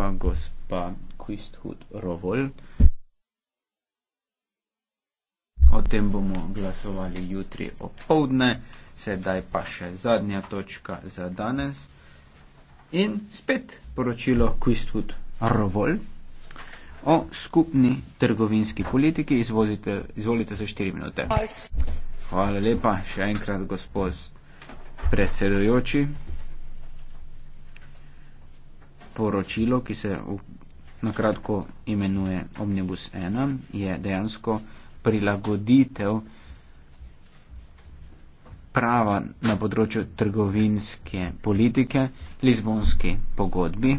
pa gospa Quisthood Rovol. O tem bomo glasovali jutri opoldne, sedaj pa še zadnja točka za danes. In spet poročilo Quisthood Rovol o skupni trgovinski politiki. Izvozite, izvolite za 4 minute. Hvala lepa še enkrat, gospod predsedujoči poročilo, ki se na kratko imenuje Omnibus 1, je dejansko prilagoditev prava na področju trgovinske politike Lizbonski pogodbi,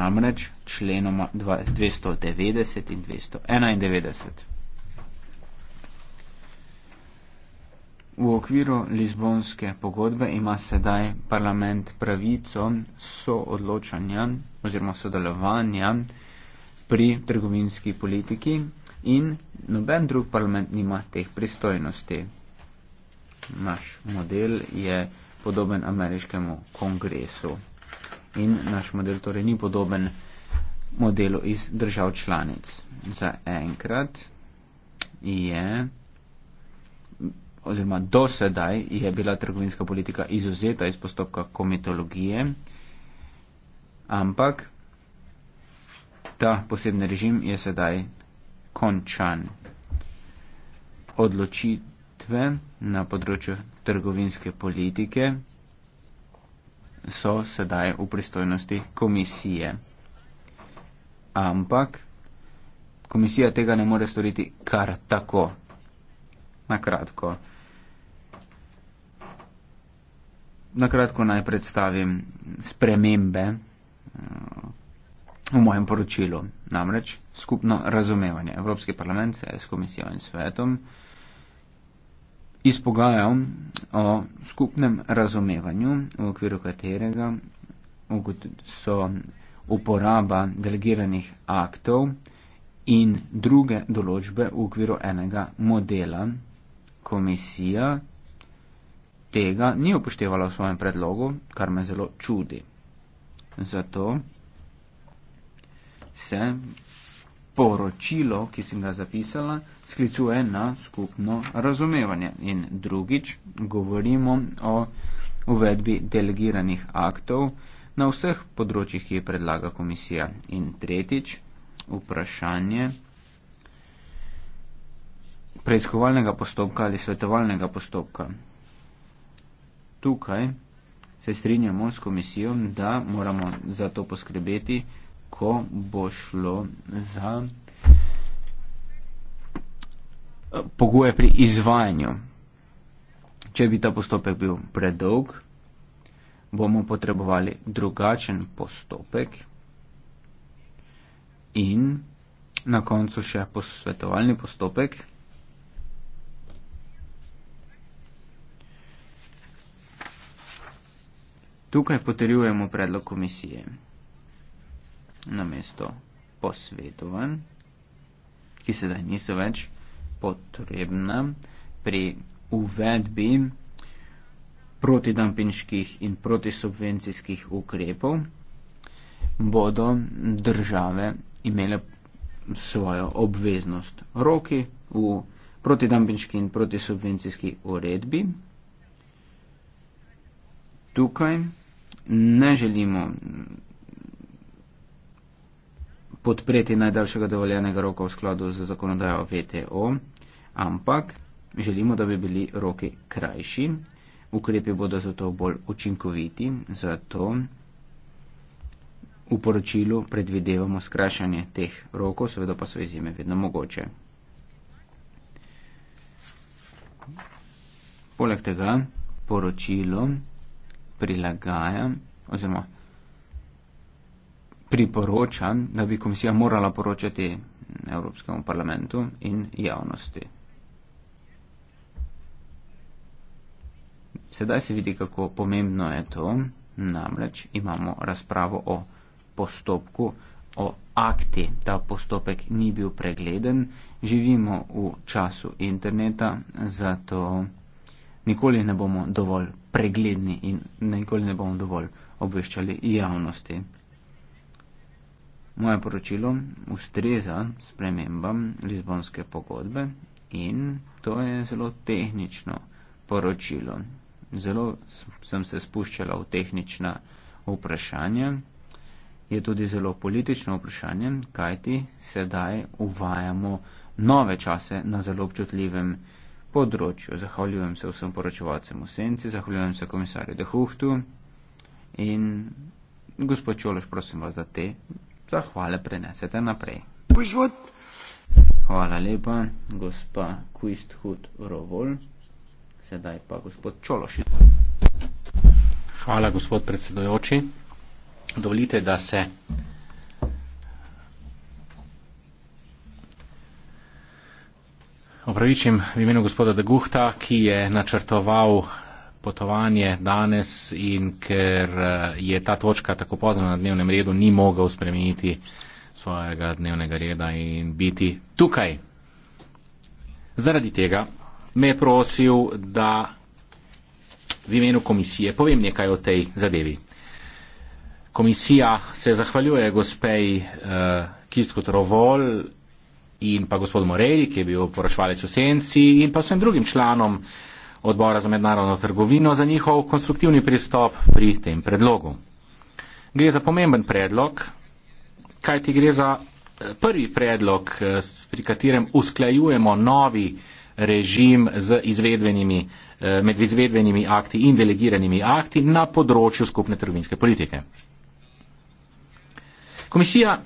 namreč členoma 290 in 291. V okviru Lizbonske pogodbe ima sedaj parlament pravico soodločanja oziroma sodelovanja pri trgovinski politiki in noben drug parlament nima teh pristojnosti. Naš model je podoben ameriškemu kongresu in naš model torej ni podoben modelu iz držav članic. Za enkrat je oziroma do sedaj je bila trgovinska politika izuzeta iz postopka komitologije, ampak ta posebni režim je sedaj končan. Odločitve na področju trgovinske politike so sedaj v pristojnosti komisije. Ampak komisija tega ne more storiti kar tako. Na kratko. na kratko naj predstavim spremembe eh, v mojem poročilu. Namreč skupno razumevanje. Evropski parlament se je s komisijo in svetom izpogajal o skupnem razumevanju, v okviru katerega so uporaba delegiranih aktov in druge določbe v okviru enega modela komisija, tega ni upoštevala v svojem predlogu, kar me zelo čudi. Zato se poročilo, ki sem ga zapisala, sklicuje na skupno razumevanje. In drugič, govorimo o uvedbi delegiranih aktov na vseh področjih, ki jih predlaga komisija. In tretjič, vprašanje preiskovalnega postopka ali svetovalnega postopka tukaj se strinjamo s komisijo, da moramo za to poskrbeti, ko bo šlo za eh, pogoje pri izvajanju. Če bi ta postopek bil predolg, bomo potrebovali drugačen postopek in na koncu še posvetovalni postopek. Tukaj potrjujemo predlog komisije. Na mesto posvetovan, ki sedaj niso več potrebna pri uvedbi protidampinških in protisubvencijskih ukrepov, bodo države imele svojo obveznost roki v protidampinški in protisubvencijski uredbi. Tukaj ne želimo podpreti najdaljšega dovoljenega roka v skladu z zakonodajo VTO, ampak želimo, da bi bili roki krajši. Ukrepi bodo zato bolj učinkoviti, zato v poročilu predvidevamo skrajšanje teh rokov, seveda pa so izjeme vedno mogoče. Poleg tega poročilo prilagajam oziroma priporočam, da bi komisija morala poročati Evropskemu parlamentu in javnosti. Sedaj se vidi, kako pomembno je to, namreč imamo razpravo o postopku, o akti, ta postopek ni bil pregleden, živimo v času interneta, zato nikoli ne bomo dovolj pregledni in nikoli ne bomo dovolj obveščali javnosti. Moje poročilo ustreza spremembam Lizbonske pogodbe in to je zelo tehnično poročilo. Zelo sem se spuščala v tehnična vprašanja. Je tudi zelo politično vprašanje, kajti sedaj uvajamo nove čase na zelo občutljivem področju področju. Zahvaljujem se vsem poročevalcem v senci, zahvaljujem se komisarju Dehuhtu in gospod Čološ, prosim vas, da te zahvale prenesete naprej. Hvala lepa, gospa Kuisthut Rovol. Sedaj pa gospod Čološ. Hvala, gospod predsedojoči. Dovolite, da se opravičim v imenu gospoda Deguhta, ki je načrtoval potovanje danes in ker eh, je ta točka tako pozna na dnevnem redu, ni mogel spremeniti svojega dnevnega reda in biti tukaj. Zaradi tega me je prosil, da v imenu komisije povem nekaj o tej zadevi. Komisija se zahvaljuje gospej uh, eh, Kistko Trovol in pa gospod Morej, ki je bil poročevalec v Senci in pa vsem drugim članom odbora za mednarodno trgovino za njihov konstruktivni pristop pri tem predlogu. Gre za pomemben predlog, kajti gre za eh, prvi predlog, eh, pri katerem usklajujemo novi režim z izvedbenimi, eh, med izvedbenimi akti in delegiranimi akti na področju skupne trgovinske politike. Komisija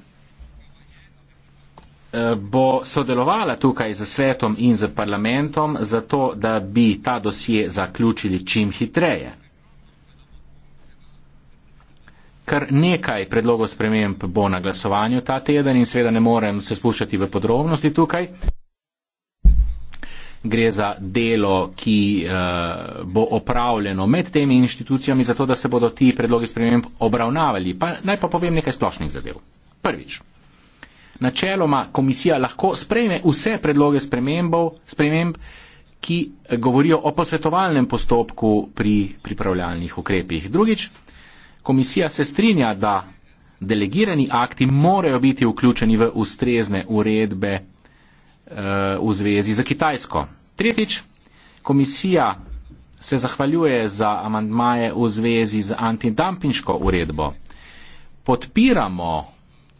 Eh, bo sodelovala tukaj z svetom in z parlamentom za to, da bi ta dosje zaključili čim hitreje. Kar nekaj predlogov sprememb bo na glasovanju ta teden in seveda ne morem se spuščati v podrobnosti tukaj. Gre za delo, ki uh, bo opravljeno med temi inštitucijami, zato da se bodo ti predlogi sprememb obravnavali. Pa, naj pa povem nekaj splošnih zadev. Prvič načeloma komisija lahko sprejme vse predloge sprememb, ki govorijo o posvetovalnem postopku pri pripravljalnih ukrepih. Drugič, komisija se strinja, da delegirani akti morajo biti vključeni v ustrezne uredbe uh, v zvezi za Kitajsko. Tretjič, komisija se zahvaljuje za amandmaje v zvezi z antidampinško uredbo. Podpiramo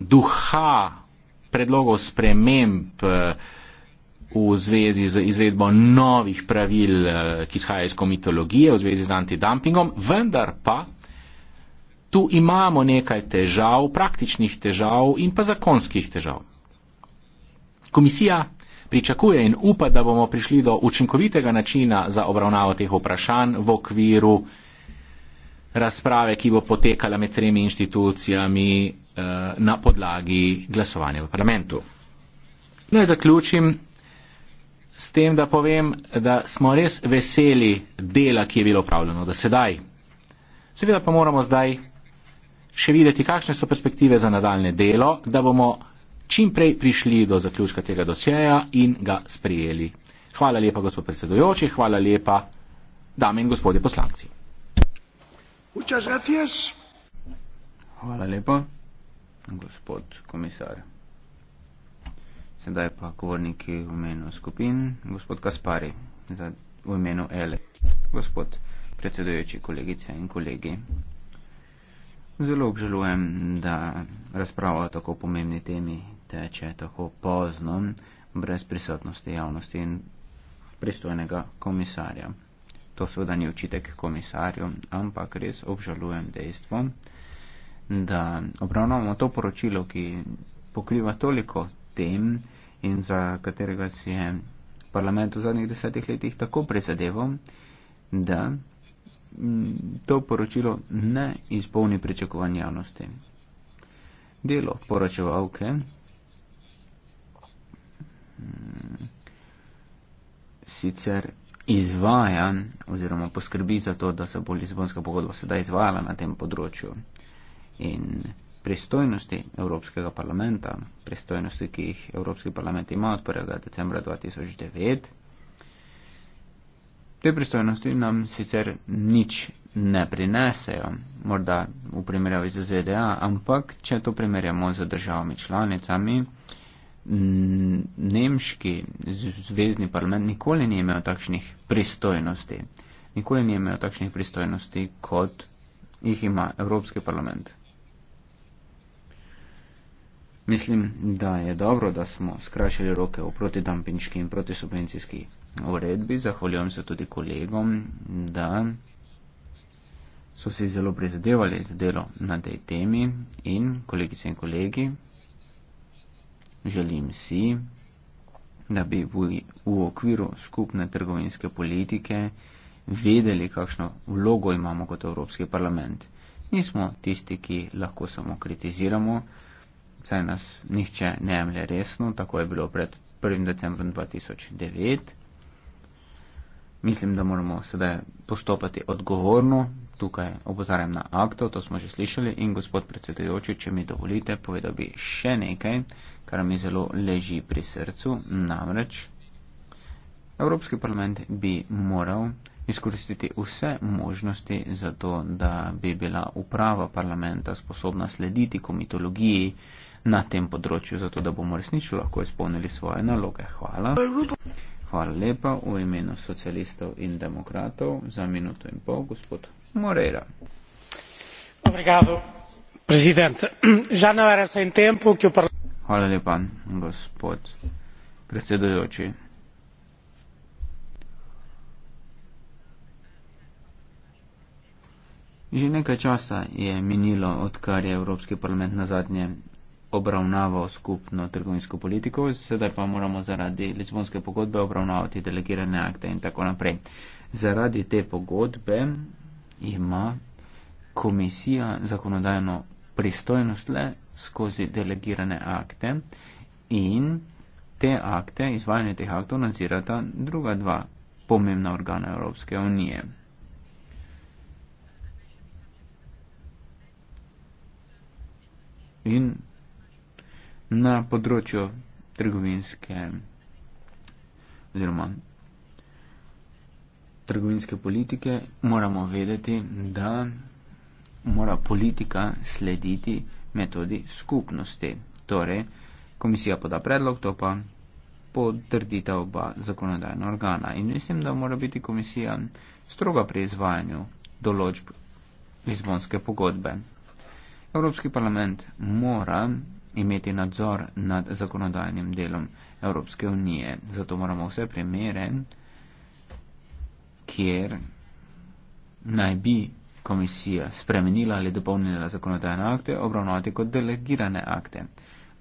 duha predlogov sprememb eh, v zvezi z izvedbo novih pravil, eh, ki izhaja iz komitologije v zvezi z antidumpingom, vendar pa tu imamo nekaj težav, praktičnih težav in pa zakonskih težav. Komisija pričakuje in upa, da bomo prišli do učinkovitega načina za obravnavo teh vprašanj v okviru razprave, ki bo potekala med tremi inštitucijami Eh, na podlagi glasovanja v parlamentu. Naj zaključim s tem, da povem, da smo res veseli dela, ki je bilo upravljeno do sedaj. Seveda pa moramo zdaj še videti, kakšne so perspektive za nadaljne delo, da bomo čim prej prišli do zaključka tega dosjeja in ga sprejeli. Hvala lepa, gospod predsedujoči, hvala lepa, dame in gospodje poslanci. Hvala lepa gospod komisar. Sedaj pa govorniki v imenu skupin, gospod Kaspari, v imenu Ele. Gospod predsedujoči, kolegice in kolegi. Zelo obžalujem, da razprava o tako pomembni temi teče tako pozno, brez prisotnosti javnosti in pristojnega komisarja. To seveda ni očitek komisarju, ampak res obžalujem dejstvo, da obravnavamo to poročilo, ki pokriva toliko tem in za katerega si je parlament v zadnjih desetih letih tako prizadeval, da mm, to poročilo ne izpolni pričakovanj javnosti. Delo poročevalke mm, sicer izvaja oziroma poskrbi za to, da se bo Lizbonska pogodba sedaj izvajala na tem področju in pristojnosti Evropskega parlamenta, pristojnosti, ki jih Evropski parlament ima od 1. decembra 2009. Te pristojnosti nam sicer nič ne prinesejo, morda v primerjavi z ZDA, ampak če to primerjamo z državami članicami, nemški zvezdni parlament nikoli ni imel takšnih pristojnosti. Nikoli ni imel takšnih pristojnosti, kot jih ima Evropski parlament. Mislim, da je dobro, da smo skrašili roke v protidampinški in protisubvencijski uredbi. Zahvaljujem se tudi kolegom, da so se zelo prizadevali za delo na tej temi in kolegice in kolegi, želim si, da bi v, v okviru skupne trgovinske politike vedeli, kakšno vlogo imamo kot Evropski parlament. Nismo tisti, ki lahko samo kritiziramo saj nas nihče ne jemlje resno, tako je bilo pred 1. decembrom 2009. Mislim, da moramo sedaj postopati odgovorno, tukaj opozarjam na akto, to smo že slišali in gospod predsedujoči, če mi dovolite, povedal bi še nekaj, kar mi zelo leži pri srcu, namreč Evropski parlament bi moral izkoristiti vse možnosti za to, da bi bila uprava parlamenta sposobna slediti komitologiji, na tem področju, zato da bomo resnično lahko izpolnili svoje naloge. Hvala. Hvala lepa v imenu socialistov in demokratov za minuto in pol, gospod Moreira. Hvala lepa, gospod predsedujoči. Že nekaj časa je minilo, odkar je Evropski parlament na zadnje obravnaval skupno trgovinsko politiko, sedaj pa moramo zaradi Lizbonske pogodbe obravnavati delegirane akte in tako naprej. Zaradi te pogodbe ima komisija zakonodajno pristojnost le skozi delegirane akte in te akte, izvajanje teh aktov nadzirata druga dva pomembna organa Evropske unije. In na področju trgovinske oziroma trgovinske politike moramo vedeti, da mora politika slediti metodi skupnosti. Torej, komisija poda predlog, to pa potrdita oba zakonodajna organa. In mislim, da mora biti komisija stroga pri izvajanju določb Lizbonske pogodbe. Evropski parlament mora imeti nadzor nad zakonodajnim delom Evropske unije. Zato moramo vse primere, kjer naj bi komisija spremenila ali dopolnila zakonodajne akte, obravnavati kot delegirane akte.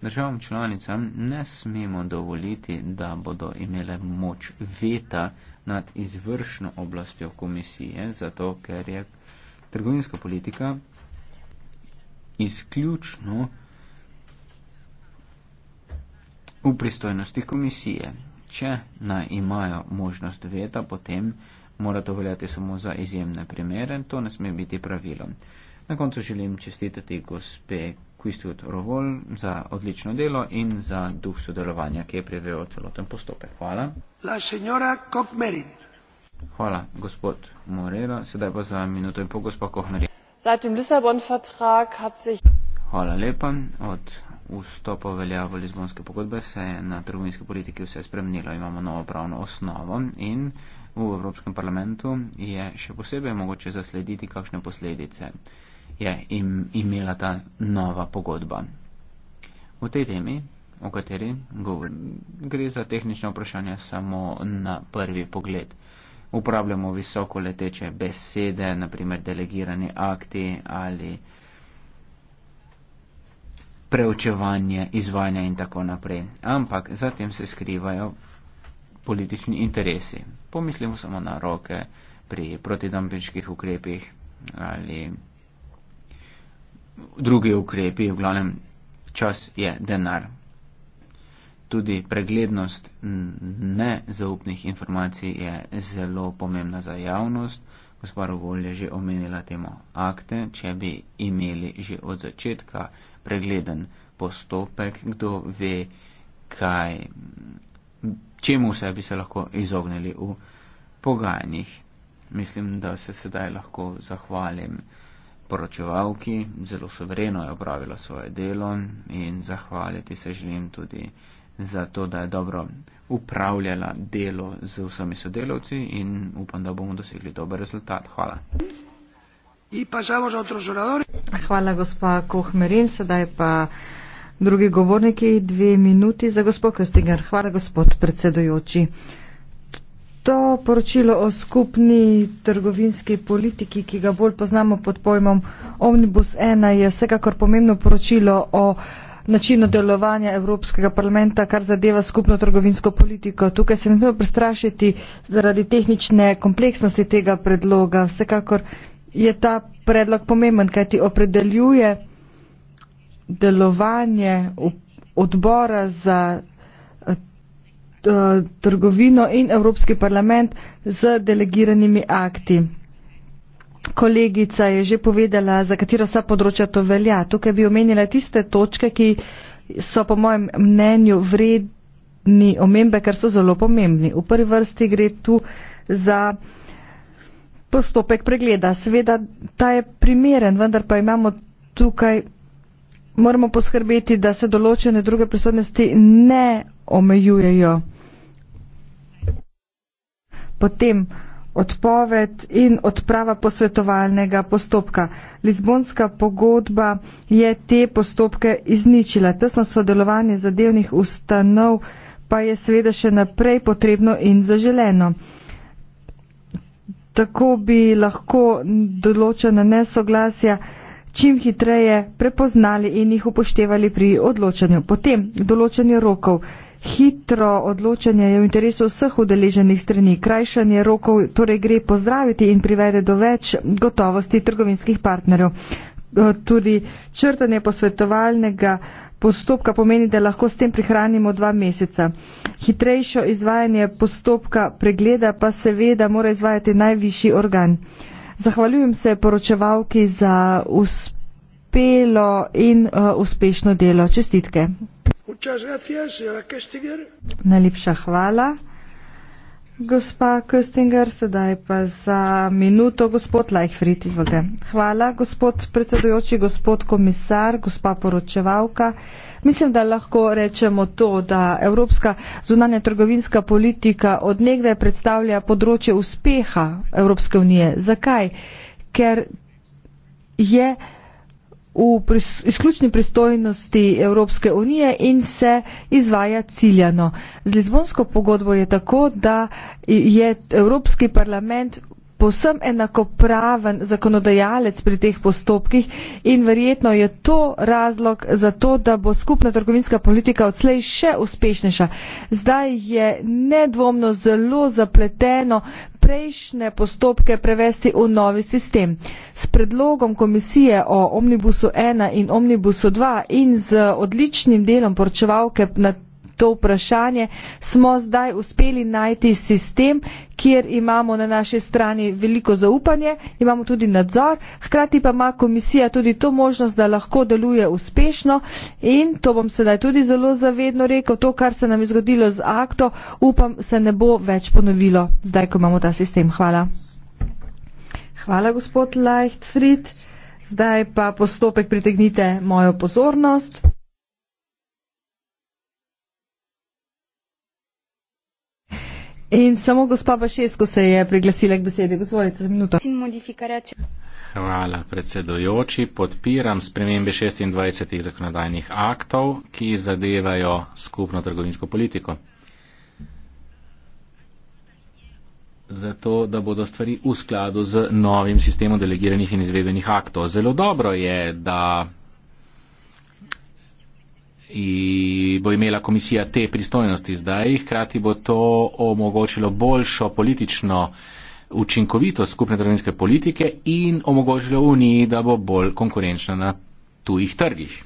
Državam članicam ne smemo dovoliti, da bodo imele moč veta nad izvršno oblastjo komisije, zato ker je trgovinska politika izključno v pristojnosti komisije. Če naj imajo možnost veta, potem mora to veljati samo za izjemne primere, to ne sme biti pravilo. Na koncu želim čestitati gospe Kristut Rovol za odlično delo in za duh sodelovanja, ki je prevejo celoten postopek. Hvala. La signora Kokmerin. Hvala, gospod Morero. Sedaj pa za minuto in pol, gospod Kohmerin. Hvala lepa. Od vstopa veljavo Lizbonske pogodbe, se je na trgovinske politike vse spremenilo. Imamo novo pravno osnovo in v Evropskem parlamentu je še posebej mogoče zaslediti, kakšne posledice je im, imela ta nova pogodba. V tej temi, o kateri govorim, gre za tehnične vprašanja samo na prvi pogled. Uporabljamo visoko leteče besede, naprimer delegirani akti ali preučevanje, izvajanje in tako naprej. Ampak zatem se skrivajo politični interesi. Pomislimo samo na roke pri protidampiških ukrepih ali drugi ukrepi, v glavnem čas je denar. Tudi preglednost nezaupnih informacij je zelo pomembna za javnost. Gospod Rovol je že omenila temo akte, če bi imeli že od začetka pregleden postopek, kdo ve, kaj, čemu vse bi se lahko izognili v pogajanjih. Mislim, da se sedaj lahko zahvalim poročevalki, zelo sovereno je opravila svoje delo in zahvaliti se želim tudi za to, da je dobro upravljala delo z vsemi sodelavci in upam, da bomo dosegli dober rezultat. Hvala. Hvala, gospa Kohmerin. Sedaj pa drugi govorniki, dve minuti za gospod Kostinger. Hvala, gospod predsedujoči. To poročilo o skupni trgovinski politiki, ki ga bolj poznamo pod pojmom Omnibus 1, je vsekakor pomembno poročilo o načinu delovanja Evropskega parlamenta, kar zadeva skupno trgovinsko politiko. Tukaj se ne smemo prestrašiti zaradi tehnične kompleksnosti tega predloga. Vsekakor je ta predlog pomemben, kaj ti opredeljuje delovanje odbora za eh, trgovino in Evropski parlament z delegiranimi akti. Kolegica je že povedala, za katero vsa področja to velja. Tukaj bi omenila tiste točke, ki so po mojem mnenju vredni omembe, ker so zelo pomembni. V prvi vrsti gre tu za postopek pregleda. Seveda, ta je primeren, vendar pa imamo tukaj, moramo poskrbeti, da se določene druge pristojnosti ne omejujejo. Potem odpoved in odprava posvetovalnega postopka. Lizbonska pogodba je te postopke izničila. Tesno sodelovanje zadevnih ustanov pa je seveda še naprej potrebno in zaželeno tako bi lahko določena nesoglasja čim hitreje prepoznali in jih upoštevali pri odločanju. Potem določanje rokov. Hitro odločanje je v interesu vseh udeleženih strani. Krajšanje rokov torej gre pozdraviti in privede do več gotovosti trgovinskih partnerjev. Tudi črtanje posvetovalnega postopka pomeni, da lahko s tem prihranimo dva meseca. Hitrejšo izvajanje postopka pregleda pa seveda mora izvajati najvišji organ. Zahvaljujem se poročevalki za uspelo in uh, uspešno delo. Čestitke. Najlepša hvala. Gospa Köstinger, sedaj pa za minuto gospod Lajfrit, izvolite. Hvala, gospod predsedujoči, gospod komisar, gospa poročevalka. Mislim, da lahko rečemo to, da evropska zunanja trgovinska politika odnegdaj predstavlja področje uspeha Evropske unije. Zakaj? Ker je v pris, izključni pristojnosti Evropske unije in se izvaja ciljano. Z Lizbonsko pogodbo je tako, da je Evropski parlament povsem enakopraven zakonodajalec pri teh postopkih in verjetno je to razlog za to, da bo skupna trgovinska politika odslej še uspešnejša. Zdaj je nedvomno zelo zapleteno prejšnje postopke prevesti v novi sistem. S predlogom komisije o omnibusu 1 in omnibusu 2 in z odličnim delom poročevalke na to vprašanje, smo zdaj uspeli najti sistem, kjer imamo na naši strani veliko zaupanje, imamo tudi nadzor, hkrati pa ima komisija tudi to možnost, da lahko deluje uspešno in to bom sedaj tudi zelo zavedno rekel, to, kar se nam je zgodilo z akto, upam, se ne bo več ponovilo, zdaj, ko imamo ta sistem. Hvala. Hvala, gospod Leichtfried. Zdaj pa postopek pritegnite mojo pozornost. In samo gospa Bašesko se je priglasila k besedi. Gospodite, za minuto. Sin modifikarja če. Hvala, predsedojoči. Podpiram spremembe 26 zakonodajnih aktov, ki zadevajo skupno trgovinsko politiko. Zato, da bodo stvari v skladu z novim sistemom delegiranih in izvedenih aktov. Zelo dobro je, da. In bo imela komisija te pristojnosti zdaj, hkrati bo to omogočilo boljšo politično učinkovitost skupne trgovinske politike in omogočilo Uniji, da bo bolj konkurenčna na tujih trgih.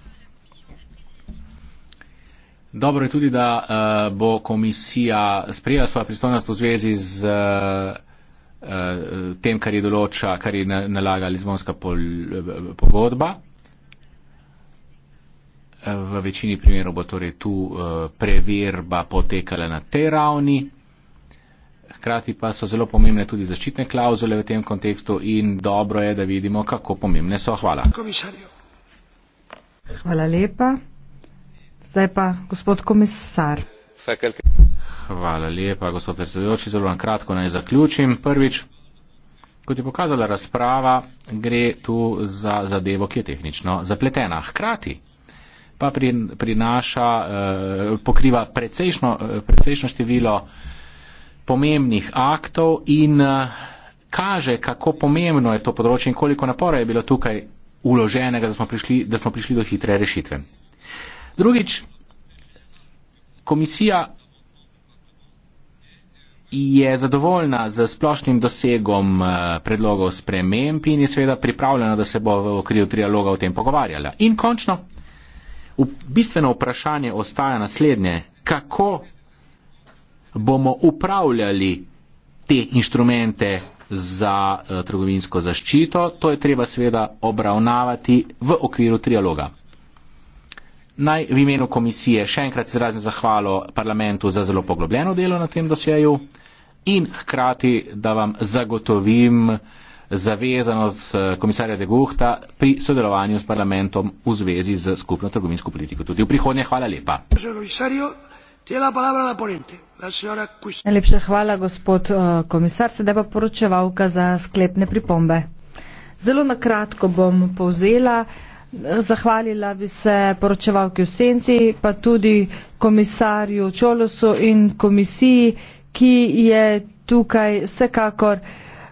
Dobro je tudi, da uh, bo komisija sprejela svojo pristojnost v zvezi z uh, uh, tem, kar je določa, kar je nalaga Lizbonska pol, uh, pogodba v večini primerov bo torej tu eh, preverba potekala na tej ravni. Hkrati pa so zelo pomembne tudi zaščitne klauzule v tem kontekstu in dobro je, da vidimo, kako pomembne so. Hvala. Hvala lepa. Zdaj pa gospod komisar. Hvala lepa, gospod predsedujoči. Zelo vam kratko naj zaključim. Prvič, kot je pokazala razprava, gre tu za zadevo, ki je tehnično zapletena. Hkrati pa prinaša, eh, pokriva precejšno, eh, precejšno število pomembnih aktov in eh, kaže, kako pomembno je to področje in koliko napora je bilo tukaj uloženega, da smo prišli, da smo prišli do hitre rešitve. Drugič, komisija je zadovoljna z splošnim dosegom predlogov sprememb in je seveda pripravljena, da se bo v okviru trialoga o tem pogovarjala. In končno, Bistveno vprašanje ostaja naslednje, kako bomo upravljali te inštrumente za uh, trgovinsko zaščito. To je treba seveda obravnavati v okviru trialoga. Naj v imenu komisije še enkrat izrazim zahvalo parlamentu za zelo poglobljeno delo na tem dosjeju in hkrati, da vam zagotovim uh, zavezanost eh, komisarja de Guhta pri sodelovanju s parlamentom v zvezi z skupno trgovinsko politiko. Tudi v prihodnje hvala lepa. Najlepša hvala, gospod eh, komisar. Sedaj pa poročevalka za sklepne pripombe. Zelo na kratko bom povzela. Zahvalila bi se poročevalki v senci, pa tudi komisarju Čolosu in komisiji, ki je tukaj vsekakor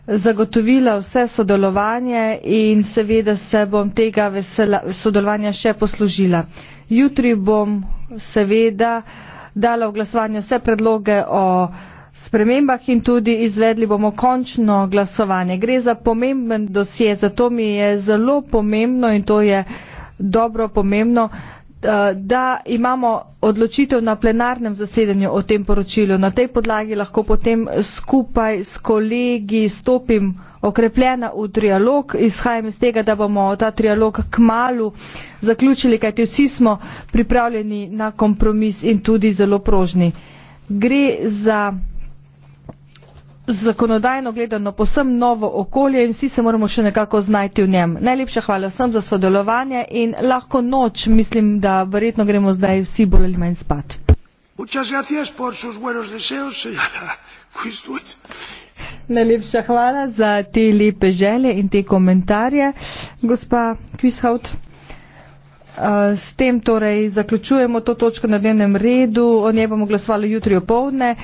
zagotovila vse sodelovanje in seveda se bom tega vesela, sodelovanja še poslužila. Jutri bom seveda dala v glasovanje vse predloge o spremembah in tudi izvedli bomo končno glasovanje. Gre za pomemben dosje, zato mi je zelo pomembno in to je dobro pomembno, Eh, da imamo odločitev na plenarnem zasedanju o tem poročilu. Na tej podlagi lahko potem skupaj s kolegi stopim okrepljena v trialog. Izhajam iz tega, da bomo ta trialog k malu zaključili, kajti vsi smo pripravljeni na kompromis in tudi zelo prožni. Gre za zakonodajno gledano posem novo okolje in vsi se moramo še nekako znajti v njem. Najlepša hvala vsem za sodelovanje in lahko noč, mislim, da verjetno gremo zdaj vsi bolj ali manj spat. Najlepša hvala za te lepe želje in te komentarje, gospa Kvisthaut. Uh, s tem torej zaključujemo to točko na dnevnem redu, o njej bomo glasovali jutri opovdne.